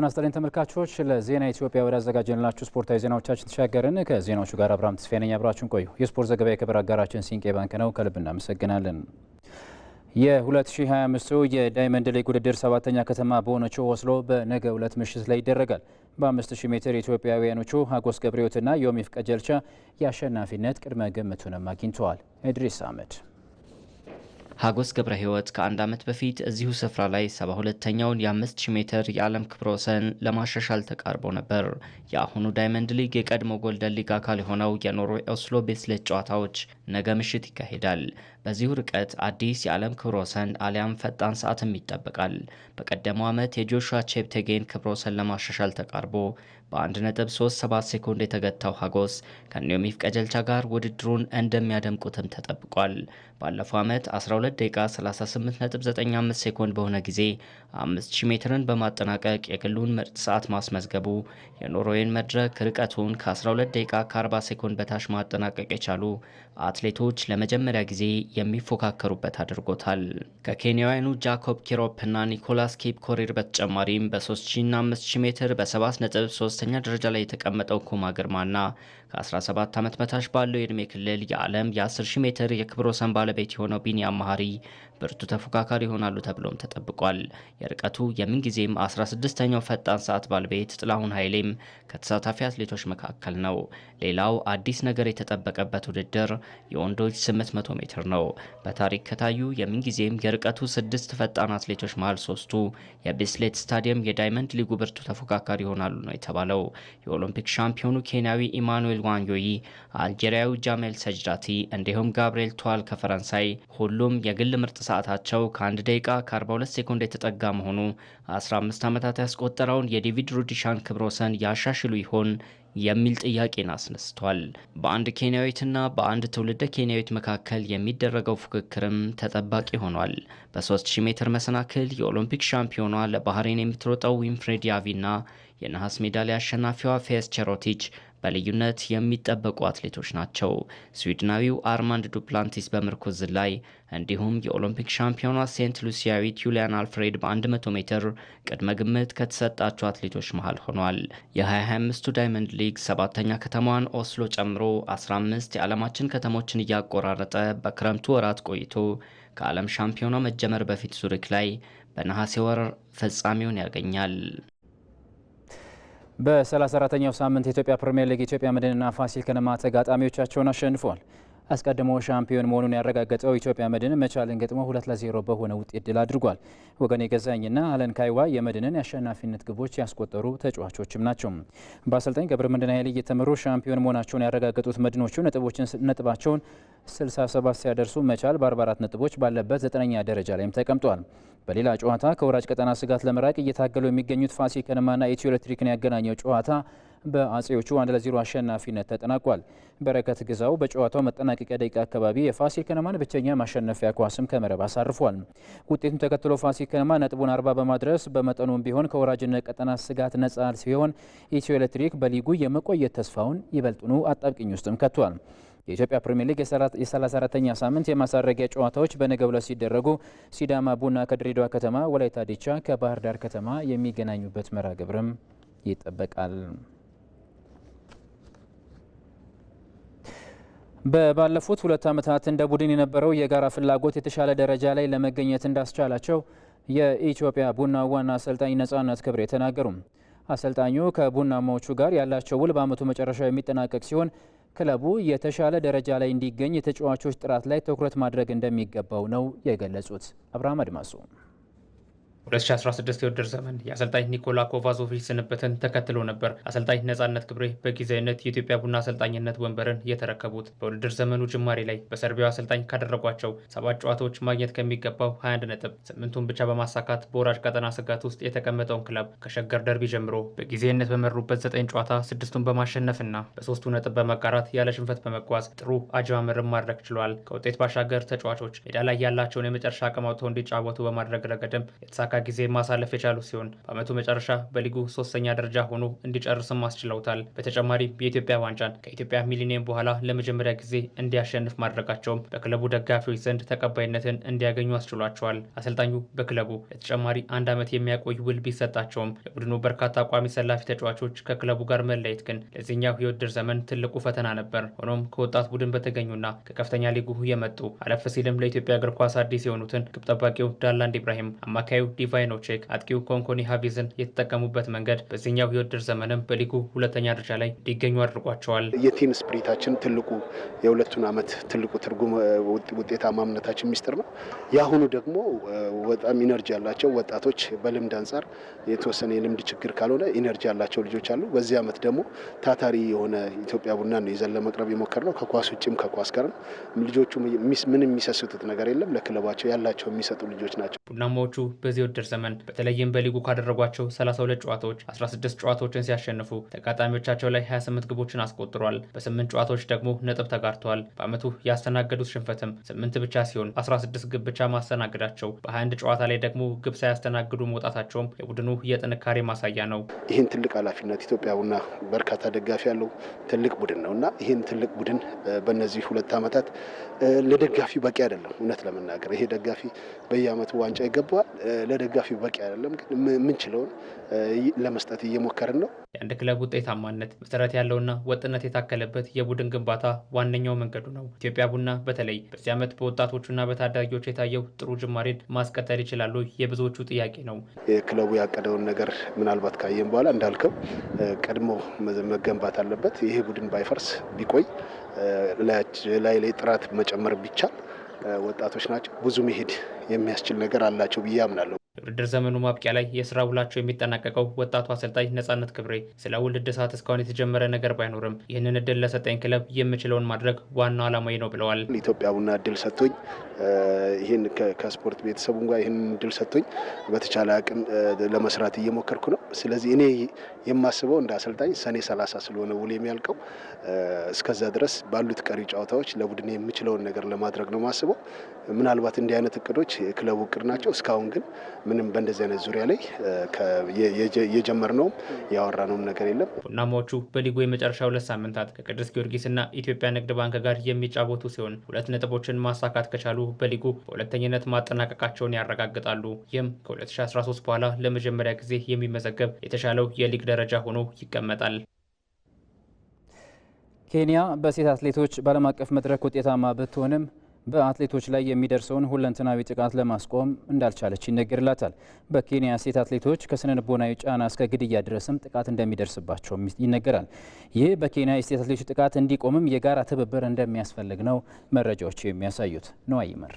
ጤና ይስጥልኝ ተመልካቾች፣ ለዜና ኢትዮጵያ ወደ አዘጋጀንላችሁ ስፖርታዊ ዜናዎቻችን ተሻገርን። ከዜናዎቹ ጋር አብርሃም ተስፋዬ ነኝ። አብራችሁን ቆዩ። የስፖርት ዘገባ የክብር አጋራችን ሲንቄ ባንክ ነው። ከልብ እናመሰግናለን። የ2025 የዳይመንድ ሊግ ውድድር ሰባተኛ ከተማ በሆነችው ወስሎ በነገ ሁለት ምሽት ላይ ይደረጋል። በ5000 ሜትር ኢትዮጵያውያኖቹ ሀጎስ ገብረሕይወትና ዮሚፍ ቀጀልቻ የአሸናፊነት ቅድመ ግምቱንም አግኝተዋል። እድሪስ አህመድ ሀጎስ ገብረ ህይወት ከአንድ ዓመት በፊት እዚሁ ስፍራ ላይ 72 ተኛውን የ5000 ሜትር የዓለም ክብረ ወሰን ለማሻሻል ተቃርቦ ነበር። የአሁኑ ዳይመንድ ሊግ የቀድሞ ጎልደን ሊግ አካል የሆነው የኖርዌይ ኦስሎ ቤስሌት ጨዋታዎች ነገ ምሽት ይካሄዳል። በዚሁ ርቀት አዲስ የዓለም ክብረ ወሰን አሊያም ፈጣን ሰዓትም ይጠበቃል። በቀደመው ዓመት የጆሹዋ ቼፕቴጌን ክብረ ወሰን ለማሻሻል ተቃርቦ በ1.37 ሴኮንድ የተገታው ሀጎስ ከኒዮሚፍ ቀጀልቻ ጋር ውድድሩን እንደሚያደምቁትም ተጠብቋል። ባለፈው ዓመት 12 ደቂቃ 38.95 ሴኮንድ በሆነ ጊዜ 5000 ሜትርን በማጠናቀቅ የግሉን ምርጥ ሰዓት ማስመዝገቡ የኖርዌይን መድረክ ርቀቱን ከ12 ደቂቃ ከ40 ሴኮንድ በታች ማጠናቀቅ የቻሉ አትሌቶች ለመጀመሪያ ጊዜ የሚፎካከሩበት አድርጎታል። ከኬንያውያኑ ጃኮብ ኪሮፕ ኒኮላስ ኬፕ ኮሪር በተጨማሪም በ3000ና 5000 ሜትር በ 3 ኛ ደረጃ ላይ የተቀመጠው ኩማ ግርማና ከ17 ዓመት በታች ባለው የዕድሜ ክልል የዓለም የ10000 ሜትር የክብረ ወሰን ባለቤት የሆነው ቢኒያም ማሀሪ ብርቱ ተፎካካሪ ይሆናሉ ተብሎም ተጠብቋል። የርቀቱ የምንጊዜም 16ኛው ፈጣን ሰዓት ባለቤት ጥላሁን ኃይሌም ከተሳታፊ አትሌቶች መካከል ነው። ሌላው አዲስ ነገር የተጠበቀበት ውድድር የወንዶች 800 ሜትር ነው። ነው። በታሪክ ከታዩ የምንጊዜም የርቀቱ ስድስት ፈጣን አትሌቶች መሃል ሶስቱ የቢስሌት ስታዲየም የዳይመንድ ሊጉ ብርቱ ተፎካካሪ ይሆናሉ ነው የተባለው። የኦሎምፒክ ሻምፒዮኑ ኬንያዊ ኢማኑኤል ዋንዮይ፣ አልጄሪያዊ ጃሜል ሰጅዳቲ እንዲሁም ጋብርኤል ቷል ከፈረንሳይ ሁሉም የግል ምርጥ ሰዓታቸው ከ1 ደቂቃ ከ42 ሴኮንድ የተጠጋ መሆኑ 15 ዓመታት ያስቆጠረውን የዴቪድ ሩዲሻን ክብረ ወሰን ያሻሽሉ ይሆን? የሚል ጥያቄን አስነስቷል። በአንድ ኬንያዊትና በአንድ ትውልደ ኬንያዊት መካከል የሚደረገው ፉክክርም ተጠባቂ ሆኗል። በ3000 ሜትር መሰናክል የኦሎምፒክ ሻምፒዮኗ ለባህሬን የምትሮጠው ዊንፍሬድ ያቪና የነሐስ ሜዳሊያ አሸናፊዋ ፌስ ቸሮቲች በልዩነት የሚጠበቁ አትሌቶች ናቸው። ስዊድናዊው አርማንድ ዱፕላንቲስ በምርኩዝ ዝላይ እንዲሁም የኦሎምፒክ ሻምፒዮኗ ሴንት ሉሲያዊት ዩሊያን አልፍሬድ በ100 ሜትር ቅድመ ግምት ከተሰጣቸው አትሌቶች መሃል ሆኗል። የ2025ቱ ዳይመንድ ሊግ ሰባተኛ ከተማዋን ኦስሎ ጨምሮ 15 የዓለማችን ከተሞችን እያቆራረጠ በክረምቱ ወራት ቆይቶ ከዓለም ሻምፒዮኗ መጀመር በፊት ዙሪክ ላይ በነሐሴ ወር ፍጻሜውን ያገኛል። በ34ኛው ሳምንት የኢትዮጵያ ፕሪምየር ሊግ ኢትዮጵያ መድንና ፋሲል ከነማ ተጋጣሚዎቻቸውን አሸንፏል። አስቀድሞ ሻምፒዮን መሆኑን ያረጋገጠው ኢትዮጵያ መድን መቻልን ገጥሞ ሁለት ለዜሮ በሆነ ውጤት ድል አድርጓል። ወገኔ ገዛኝና አለን ካይዋ የመድንን የአሸናፊነት ግቦች ያስቆጠሩ ተጫዋቾችም ናቸው። በአሰልጣኝ ገብረመድህን ኃይሌ እየተመሩ ሻምፒዮን መሆናቸውን ያረጋገጡት መድኖቹ ነጥባቸውን 67 ሲያደርሱ መቻል በ44 ነጥቦች ባለበት ዘጠነኛ ደረጃ ላይም ተቀምጧል። በሌላ ጨዋታ ከወራጅ ቀጠና ስጋት ለመራቅ እየታገሉ የሚገኙት ፋሲል ከነማና ኢትዮ ኤሌክትሪክን ያገናኘው ጨዋታ በአጼዎቹ አንድ ለዜሮ አሸናፊነት ተጠናቋል። በረከት ግዛው በጨዋታው መጠናቀቂያ ደቂቃ አካባቢ የፋሲል ከነማን ብቸኛ ማሸነፊያ ኳስም ከመረብ አሳርፏል። ውጤቱን ተከትሎ ፋሲል ከነማ ነጥቡን አርባ በማድረስ በመጠኑም ቢሆን ከወራጅነት ቀጠና ስጋት ነጻ ሲሆን ኢትዮ ኤሌክትሪክ በሊጉ የመቆየት ተስፋውን ይበልጡኑ አጣብቅኝ ውስጥም ከቷል። የኢትዮጵያ ፕሪምየር ሊግ የ34ተኛ ሳምንት የማሳረጊያ ጨዋታዎች በነገው ለ ሲደረጉ ሲዳማ ቡና ከድሬዳዋ ከተማ፣ ወላይታ ዲቻ ከባህር ዳር ከተማ የሚገናኙበት መርሃ ግብርም ይጠበቃል። በባለፉት ሁለት ዓመታት እንደ ቡድን የነበረው የጋራ ፍላጎት የተሻለ ደረጃ ላይ ለመገኘት እንዳስቻላቸው የኢትዮጵያ ቡና ዋና አሰልጣኝ ነጻነት ክብሬ የተናገሩ አሰልጣኙ ከቡናማዎቹ ጋር ያላቸው ውል በዓመቱ መጨረሻ የሚጠናቀቅ ሲሆን ክለቡ የተሻለ ደረጃ ላይ እንዲገኝ የተጫዋቾች ጥራት ላይ ትኩረት ማድረግ እንደሚገባው ነው የገለጹት። አብርሃም አድማሱ 2016 የውድድር ዘመን የአሰልጣኝ ኒኮላ ኮቫዞቪች ስንበትን ተከትሎ ነበር አሰልጣኝ ነጻነት ክብሬ በጊዜያዊነት የኢትዮጵያ ቡና አሰልጣኝነት ወንበርን የተረከቡት። በውድድር ዘመኑ ጅማሬ ላይ በሰርቢያው አሰልጣኝ ካደረጓቸው ሰባት ጨዋታዎች ማግኘት ከሚገባው 21 ነጥብ ስምንቱን ብቻ በማሳካት በወራጅ ቀጠና ስጋት ውስጥ የተቀመጠውን ክለብ ከሸገር ደርቢ ጀምሮ በጊዜያዊነት በመሩበት ዘጠኝ ጨዋታ ስድስቱን በማሸነፍና በሶስቱ ነጥብ በመጋራት ያለ ሽንፈት በመጓዝ ጥሩ አጀማመርን ማድረግ ችሏል። ከውጤት ባሻገር ተጫዋቾች ሜዳ ላይ ያላቸውን የመጨረሻ አቅም አውጥተው እንዲጫወቱ በማድረግ ረገድም የተሳካ ጊዜ ማሳለፍ የቻሉ ሲሆን በዓመቱ መጨረሻ በሊጉ ሶስተኛ ደረጃ ሆኖ እንዲጨርስም አስችለውታል። በተጨማሪም የኢትዮጵያ ዋንጫን ከኢትዮጵያ ሚሊኒየም በኋላ ለመጀመሪያ ጊዜ እንዲያሸንፍ ማድረጋቸውም በክለቡ ደጋፊዎች ዘንድ ተቀባይነትን እንዲያገኙ አስችሏቸዋል። አሰልጣኙ በክለቡ ለተጨማሪ አንድ ዓመት የሚያቆይ ውል ቢሰጣቸውም የቡድኑ በርካታ ቋሚ ሰላፊ ተጫዋቾች ከክለቡ ጋር መለየት ግን ለዚህኛው የውድድር ዘመን ትልቁ ፈተና ነበር። ሆኖም ከወጣት ቡድን በተገኙና ከከፍተኛ ሊጉ የመጡ አለፍ ሲልም ለኢትዮጵያ እግር ኳስ አዲስ የሆኑትን ግብ ጠባቂው ዳላንድ ኢብራሂም፣ አማካዩ ዲቫይኖቼክ አጥቂው ኮንኮኒ ሀቪዝን የተጠቀሙበት መንገድ በዚህኛው የውድድር ዘመንም በሊጉ ሁለተኛ ደረጃ ላይ እንዲገኙ አድርጓቸዋል። የቲም ስፕሪታችን ትልቁ የሁለቱን ዓመት ትልቁ ትርጉም ውጤታማነታችን ሚስጥር ነው። የአሁኑ ደግሞ በጣም ኢነርጂ ያላቸው ወጣቶች በልምድ አንጻር የተወሰነ የልምድ ችግር ካልሆነ ኢነርጂ ያላቸው ልጆች አሉ። በዚህ ዓመት ደግሞ ታታሪ የሆነ ኢትዮጵያ ቡና ነው ይዘን ለመቅረብ የሞከር ነው። ከኳስ ውጭም ከኳስ ጋርም ልጆቹ ምንም የሚሰስቱት ነገር የለም። ለክለባቸው ያላቸው የሚሰጡ ልጆች ናቸው። ቡናማዎቹ በዚህ የውድድር ዘመን በተለይም በሊጉ ካደረጓቸው 32 ጨዋታዎች 16 ጨዋታዎችን ሲያሸንፉ ተጋጣሚዎቻቸው ላይ 28 ግቦችን አስቆጥሯል። በስምንት ጨዋታዎች ደግሞ ነጥብ ተጋርተዋል። በዓመቱ ያስተናገዱት ሽንፈትም ስምንት ብቻ ሲሆን 16 ግብ ብቻ ማስተናገዳቸው በ21 ጨዋታ ላይ ደግሞ ግብ ሳያስተናግዱ መውጣታቸውም የቡድኑ የጥንካሬ ማሳያ ነው። ይህን ትልቅ ኃላፊነት ኢትዮጵያ ቡና በርካታ ደጋፊ ያለው ትልቅ ቡድን ነው እና ይህን ትልቅ ቡድን በእነዚህ ሁለት ዓመታት ለደጋፊ በቂ አይደለም። እውነት ለመናገር ይሄ ደጋፊ በየዓመቱ ዋንጫ ይገባዋል። ደጋፊ በቂ አይደለም፣ ግን የምንችለውን ለመስጠት እየሞከርን ነው። የአንድ ክለብ ውጤታማነት መሰረት ያለውና ወጥነት የታከለበት የቡድን ግንባታ ዋነኛው መንገዱ ነው። ኢትዮጵያ ቡና በተለይ በዚህ ዓመት በወጣቶቹና በታዳጊዎች የታየው ጥሩ ጅማሬን ማስቀጠል ይችላሉ የብዙዎቹ ጥያቄ ነው። የክለቡ ያቀደውን ነገር ምናልባት ካየን በኋላ እንዳልከው ቀድሞ መገንባት አለበት። ይሄ ቡድን ባይፈርስ ቢቆይ ላይ ላይ ጥራት መጨመር ቢቻል ወጣቶች ናቸው ብዙ መሄድ የሚያስችል ነገር አላቸው ብዬ አምናለሁ። ውድድር ዘመኑ ማብቂያ ላይ የስራ ውላቸው የሚጠናቀቀው ወጣቱ አሰልጣኝ ነጻነት ክብሬ ስለ ውል እድሳት እስካሁን የተጀመረ ነገር ባይኖርም ይህንን እድል ለሰጠኝ ክለብ የምችለውን ማድረግ ዋናው ዓላማዬ ነው ብለዋል። ኢትዮጵያ ቡና እድል ሰጥቶኝ ይህን ከስፖርት ቤተሰቡም ጋር ይህን እድል ሰጥቶኝ በተቻለ አቅም ለመስራት እየሞከርኩ ነው። ስለዚህ እኔ የማስበው እንደ አሰልጣኝ ሰኔ ሰላሳ ስለሆነ ውል የሚያልቀው እስከዛ ድረስ ባሉት ቀሪ ጨዋታዎች ለቡድን የምችለውን ነገር ለማድረግ ነው ማስበው። ምናልባት እንዲህ አይነት እቅዶች ክለቡ እቅድ ናቸው። እስካሁን ግን ምንም በእንደዚህ አይነት ዙሪያ ላይ የጀመርነውም ያወራነውም ነገር የለም። ቡናማዎቹ በሊጉ የመጨረሻ ሁለት ሳምንታት ከቅዱስ ጊዮርጊስና ኢትዮጵያ ንግድ ባንክ ጋር የሚጫወቱ ሲሆን ሁለት ነጥቦችን ማሳካት ከቻሉ በሊጉ በሁለተኝነት ማጠናቀቃቸውን ያረጋግጣሉ። ይህም ከ2013 በኋላ ለመጀመሪያ ጊዜ የሚመዘገብ ቢመዘገብ የተሻለው የሊግ ደረጃ ሆኖ ይቀመጣል። ኬንያ በሴት አትሌቶች በዓለም አቀፍ መድረክ ውጤታማ ብትሆንም በአትሌቶች ላይ የሚደርሰውን ሁለንትናዊ ጥቃት ለማስቆም እንዳልቻለች ይነገርላታል። በኬንያ ሴት አትሌቶች ከስነ ልቦናዊ ጫና እስከ ግድያ ድረስም ጥቃት እንደሚደርስባቸውም ይነገራል። ይህ በኬንያ የሴት አትሌቶች ጥቃት እንዲቆምም የጋራ ትብብር እንደሚያስፈልግ ነው መረጃዎች የሚያሳዩት። ነዋይመር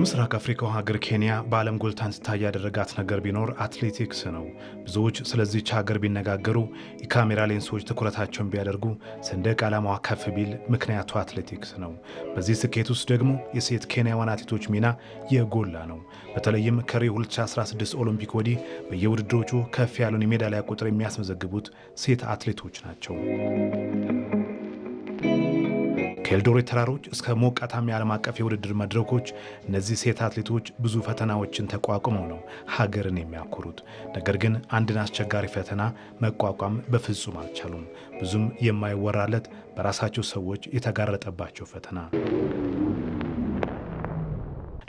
የምስራቅ አፍሪካው ሀገር ኬንያ በዓለም ጎልታን ስታይ ያደረጋት ነገር ቢኖር አትሌቲክስ ነው። ብዙዎች ስለዚች ሀገር ቢነጋገሩ፣ የካሜራ ሌንሶች ትኩረታቸውን ቢያደርጉ፣ ሰንደቅ ዓላማዋ ከፍ ቢል ምክንያቱ አትሌቲክስ ነው። በዚህ ስኬት ውስጥ ደግሞ የሴት ኬንያውያን አትሌቶች ሚና የጎላ ነው። በተለይም ከሪዮ 2016 ኦሎምፒክ ወዲህ በየውድድሮቹ ከፍ ያለውን የሜዳሊያ ቁጥር የሚያስመዘግቡት ሴት አትሌቶች ናቸው። ከኤልዶሬ ተራሮች እስከ ሞቃታማ የዓለም አቀፍ የውድድር መድረኮች እነዚህ ሴት አትሌቶች ብዙ ፈተናዎችን ተቋቁመው ነው ሀገርን የሚያኮሩት። ነገር ግን አንድን አስቸጋሪ ፈተና መቋቋም በፍጹም አልቻሉም። ብዙም የማይወራለት በራሳቸው ሰዎች የተጋረጠባቸው ፈተና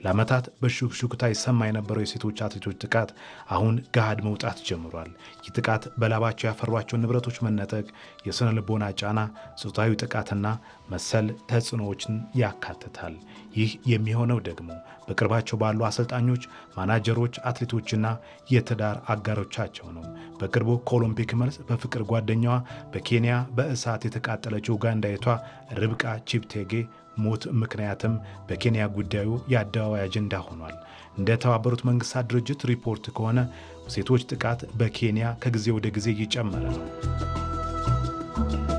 ለዓመታት በሹክሹክታ ይሰማ የነበረው የሴቶች አትሌቶች ጥቃት አሁን ገሃድ መውጣት ጀምሯል። ይህ ጥቃት በላባቸው ያፈሯቸውን ንብረቶች መነጠቅ፣ የስነ ልቦና ጫና፣ ጾታዊ ጥቃትና መሰል ተጽዕኖዎችን ያካትታል። ይህ የሚሆነው ደግሞ በቅርባቸው ባሉ አሰልጣኞች፣ ማናጀሮች፣ አትሌቶችና የትዳር አጋሮቻቸው ነው። በቅርቡ ከኦሎምፒክ መልስ በፍቅር ጓደኛዋ በኬንያ በእሳት የተቃጠለችው ኡጋንዳዊቷ ርብቃ ቺፕቴጌ ሞት ምክንያትም በኬንያ ጉዳዩ የአደባባይ አጀንዳ ሆኗል። እንደ ተባበሩት መንግስታት ድርጅት ሪፖርት ከሆነ ሴቶች ጥቃት በኬንያ ከጊዜ ወደ ጊዜ እየጨመረ ነው።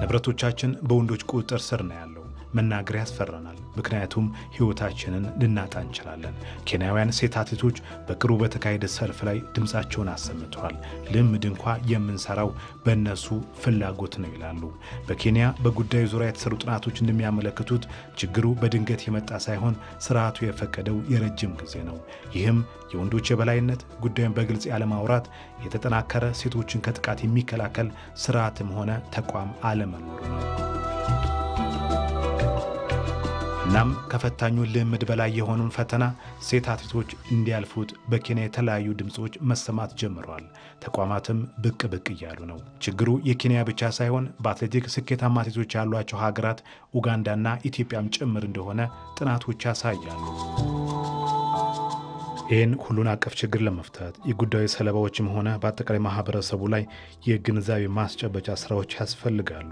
ንብረቶቻችን በወንዶች ቁጥጥር ስር ነው መናገር ያስፈራናል። ምክንያቱም ሕይወታችንን ልናጣ እንችላለን። ኬንያውያን ሴት አትሌቶች በቅርቡ በተካሄደ ሰልፍ ላይ ድምፃቸውን አሰምተዋል። ልምድ እንኳ የምንሰራው በእነሱ ፍላጎት ነው ይላሉ። በኬንያ በጉዳዩ ዙሪያ የተሰሩ ጥናቶች እንደሚያመለክቱት ችግሩ በድንገት የመጣ ሳይሆን ስርዓቱ የፈቀደው የረጅም ጊዜ ነው። ይህም የወንዶች የበላይነት፣ ጉዳዩን በግልጽ ያለማውራት፣ የተጠናከረ ሴቶችን ከጥቃት የሚከላከል ስርዓትም ሆነ ተቋም አለመኖሩ ነው። እናም ከፈታኙ ልምድ በላይ የሆነውን ፈተና ሴት አትሌቶች እንዲያልፉት በኬንያ የተለያዩ ድምፆች መሰማት ጀምረዋል። ተቋማትም ብቅ ብቅ እያሉ ነው። ችግሩ የኬንያ ብቻ ሳይሆን በአትሌቲክ ስኬታማ አትሌቶች ያሏቸው ሀገራት ኡጋንዳና ኢትዮጵያም ጭምር እንደሆነ ጥናቶች ያሳያሉ። ይህን ሁሉን አቀፍ ችግር ለመፍታት የጉዳዩ ሰለባዎችም ሆነ በአጠቃላይ ማህበረሰቡ ላይ የግንዛቤ ማስጨበጫ ስራዎች ያስፈልጋሉ።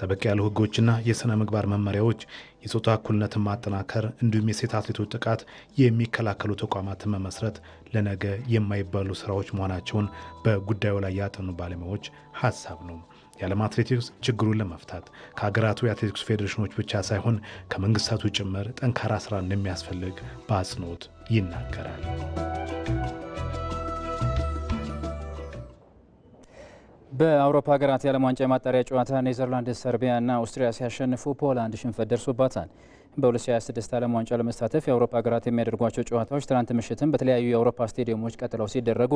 ጠበቅ ያሉ ህጎችና የሥነ ምግባር መመሪያዎች የፆታ እኩልነትን ማጠናከር እንዲሁም የሴት አትሌቶች ጥቃት የሚከላከሉ ተቋማትን መመስረት ለነገ የማይባሉ ስራዎች መሆናቸውን በጉዳዩ ላይ ያጠኑ ባለሙያዎች ሀሳብ ነው። የዓለም አትሌቲክስ ችግሩን ለመፍታት ከሀገራቱ የአትሌቲክስ ፌዴሬሽኖች ብቻ ሳይሆን ከመንግስታቱ ጭምር ጠንካራ ስራ እንደሚያስፈልግ በአጽንኦት ይናገራል። በአውሮፓ ሀገራት የዓለም ዋንጫ የማጣሪያ ጨዋታ ኔዘርላንድስ ሰርቢያና አውስትሪያ ሲያሸንፉ ፖላንድ ሽንፈት ደርሶባታል። በ2026 ዓለም ዋንጫ ለመሳተፍ የአውሮፓ ሀገራት የሚያደርጓቸው ጨዋታዎች ትናንት ምሽትም በተለያዩ የአውሮፓ ስቴዲየሞች ቀጥለው ሲደረጉ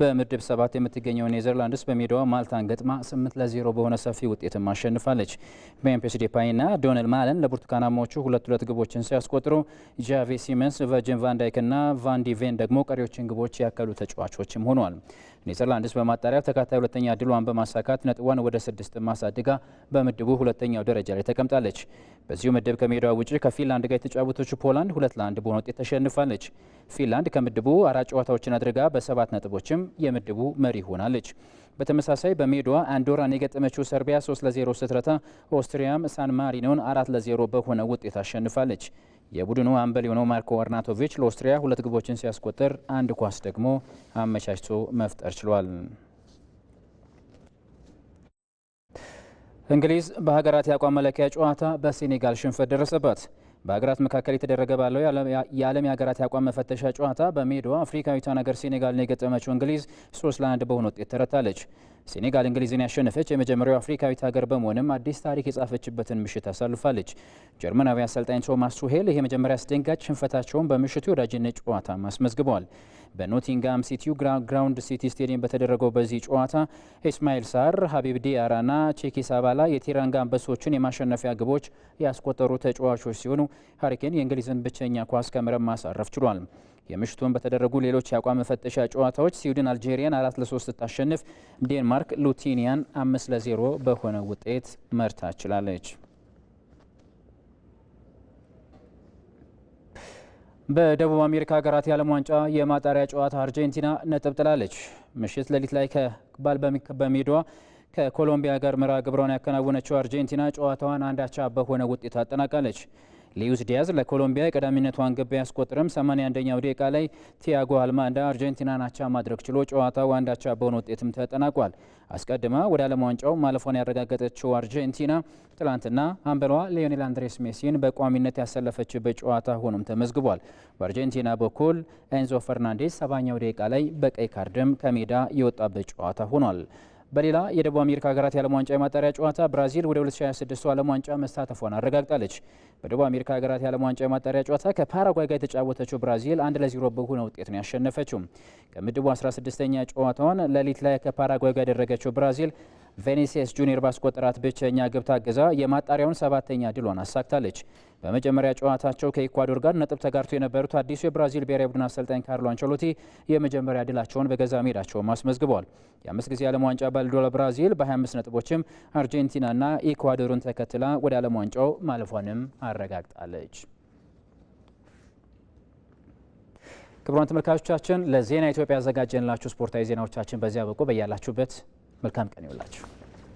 በምድብ ሰባት የምትገኘው ኔዘርላንድስ በሜዳዋ ማልታን ገጥማ 8 ለ0 በሆነ ሰፊ ውጤትም አሸንፋለች። ሜምፊስ ዴፓይና ዶነል ማለን ለብርቱካናማዎቹ ሁለት ሁለት ግቦችን ሲያስቆጥሩ ጃቪ ሲመንስ፣ ቨርጅን ቫንዳይክና ቫንዲቬን ደግሞ ቀሪዎችን ግቦች ያከሉ ተጫዋቾችም ሆኗል። ኔዘርላንድስ በማጣሪያው ተካታይ ሁለተኛ ድሏን በማሳካት ነጥቧን ወደ ስድስት ማሳድጋ በምድቡ ሁለተኛው ደረጃ ላይ ተቀምጣለች። በዚሁ ምድብ ከሜዳዋ ውጪ ከፊንላንድ ጋር የተጫወተችው ፖላንድ ሁለት ለአንድ በሆነ ውጤት ተሸንፋለች። ፊንላንድ ከምድቡ አራት ጨዋታዎችን አድርጋ በሰባት ነጥቦችም የምድቡ መሪ ሆናለች። በተመሳሳይ በሜዳዋ አንዶራን የገጠመችው ሰርቢያ 3 ለ0 ስትረታ ኦስትሪያም ሳን ማሪኖን አራት ለዜሮ በሆነ ውጤት አሸንፋለች። የቡድኑ አምበል የሆነው ማርኮ አርናቶቪች ለኦስትሪያ ሁለት ግቦችን ሲያስቆጥር አንድ ኳስ ደግሞ አመቻችቶ መፍጠር ችሏል። እንግሊዝ በሀገራት የአቋም መለኪያ ጨዋታ በሴኔጋል ሽንፈት ደረሰባት። በሀገራት መካከል የተደረገ ባለው የዓለም የሀገራት የአቋም መፈተሻ ጨዋታ በሜዳዋ አፍሪካዊቷን ሀገር ሴኔጋልን የገጠመችው እንግሊዝ ሶስት ለአንድ በሆነ ውጤት ተረታለች። ሴኔጋል እንግሊዝን ያሸነፈች የመጀመሪያው አፍሪካዊት ሀገር በመሆንም አዲስ ታሪክ የጻፈችበትን ምሽት አሳልፋለች። ጀርመናዊ አሰልጣኝ ቶማስ ቱሄል የመጀመሪያ አስደንጋጭ ሽንፈታቸውን በምሽቱ የወዳጅነት ጨዋታ አስመዝግበዋል። በኖቲንጋም ሲቲው ግራውንድ ሲቲ ስቴዲየም በተደረገው በዚህ ጨዋታ ኢስማኤል ሳር፣ ሀቢብ ዲያራ ና ቼኪስ አባላ የቴራንጋ አንበሶችን የማሸነፊያ ግቦች ያስቆጠሩ ተጫዋቾች ሲሆኑ ሀሪኬን የእንግሊዝን ብቸኛ ኳስ ከመረብ ማሳረፍ ችሏል። የምሽቱን በተደረጉ ሌሎች የአቋም መፈተሻ ጨዋታዎች ስዊድን አልጄሪያን አራት ለሶስት ስታሸንፍ ዴንማርክ ሉቲኒያን አምስት ለዜሮ በሆነ ውጤት መርታ ችላለች። በደቡብ አሜሪካ ሀገራት የዓለም ዋንጫ የማጣሪያ ጨዋታ አርጀንቲና ነጥብ ጥላለች። ምሽት ሌሊት ላይ ከባል በሜዳዋ ከኮሎምቢያ ጋር ምራ ግብሯን ያከናወነችው አርጀንቲና ጨዋታዋን አንዳቻ በሆነ ውጤት አጠናቃለች። ሊዩስ ዲያዝ ለኮሎምቢያ የቀዳሚነቷን ግብ ቢያስቆጥርም 81ኛው ደቂቃ ላይ ቲያጎ አልማንዳ አርጀንቲናን አቻ ማድረግ ችሎ ጨዋታው አንድ አቻ በሆነ ውጤትም ተጠናቋል። አስቀድማ ወደ ዓለም ዋንጫው ማለፏን ያረጋገጠችው አርጀንቲና ትላንትና አምበሏ ሊዮኔል አንድሬስ ሜሲን በቋሚነት ያሰለፈችበት ጨዋታ ሆኖም ተመዝግቧል። በአርጀንቲና በኩል ኤንዞ ፈርናንዴስ ሰባኛው ደቂቃ ላይ በቀይ ካርድም ከሜዳ የወጣበት ጨዋታ ሆኗል። በሌላ የደቡብ አሜሪካ ሀገራት የዓለም ዋንጫ የማጣሪያ ጨዋታ ብራዚል ወደ 2026ቱ ዓለም ዋንጫ መሳተፏን አረጋግጣለች። በደቡብ አሜሪካ ሀገራት የዓለም ዋንጫ የማጣሪያ ጨዋታ ከፓራጓይ ጋር የተጫወተችው ብራዚል አንድ ለዜሮ በሆነ ውጤት ነው ያሸነፈችው። ከምድቡ 16ኛ ጨዋታዋን ሌሊት ላይ ከፓራጓይ ጋር ያደረገችው ብራዚል ቬኔሲየስ ጁኒየር ባስቆጠራት ብቸኛ ግብ ታግዛ የማጣሪያውን ሰባተኛ ድሏን አሳክታለች። በመጀመሪያ ጨዋታቸው ከኢኳዶር ጋር ነጥብ ተጋርቶ የነበሩት አዲሱ የብራዚል ብሔራዊ ቡድን አሰልጣኝ ካርሎ አንቸሎቲ የመጀመሪያ ድላቸውን በገዛ ሜዳቸውም አስመዝግበዋል። የአምስት ጊዜ ዓለም ዋንጫ ባልዶለ ብራዚል በ25 ነጥቦችም አርጀንቲናና ኢኳዶርን ተከትላ ወደ ዓለም ዋንጫው ማለፏንም አረጋግጣለች። ክቡራን ተመልካቾቻችን ለዜና ኢትዮጵያ ያዘጋጀንላችሁ ስፖርታዊ ዜናዎቻችን በዚያ በቁ በያላችሁበት መልካም ቀን ይውላችሁ።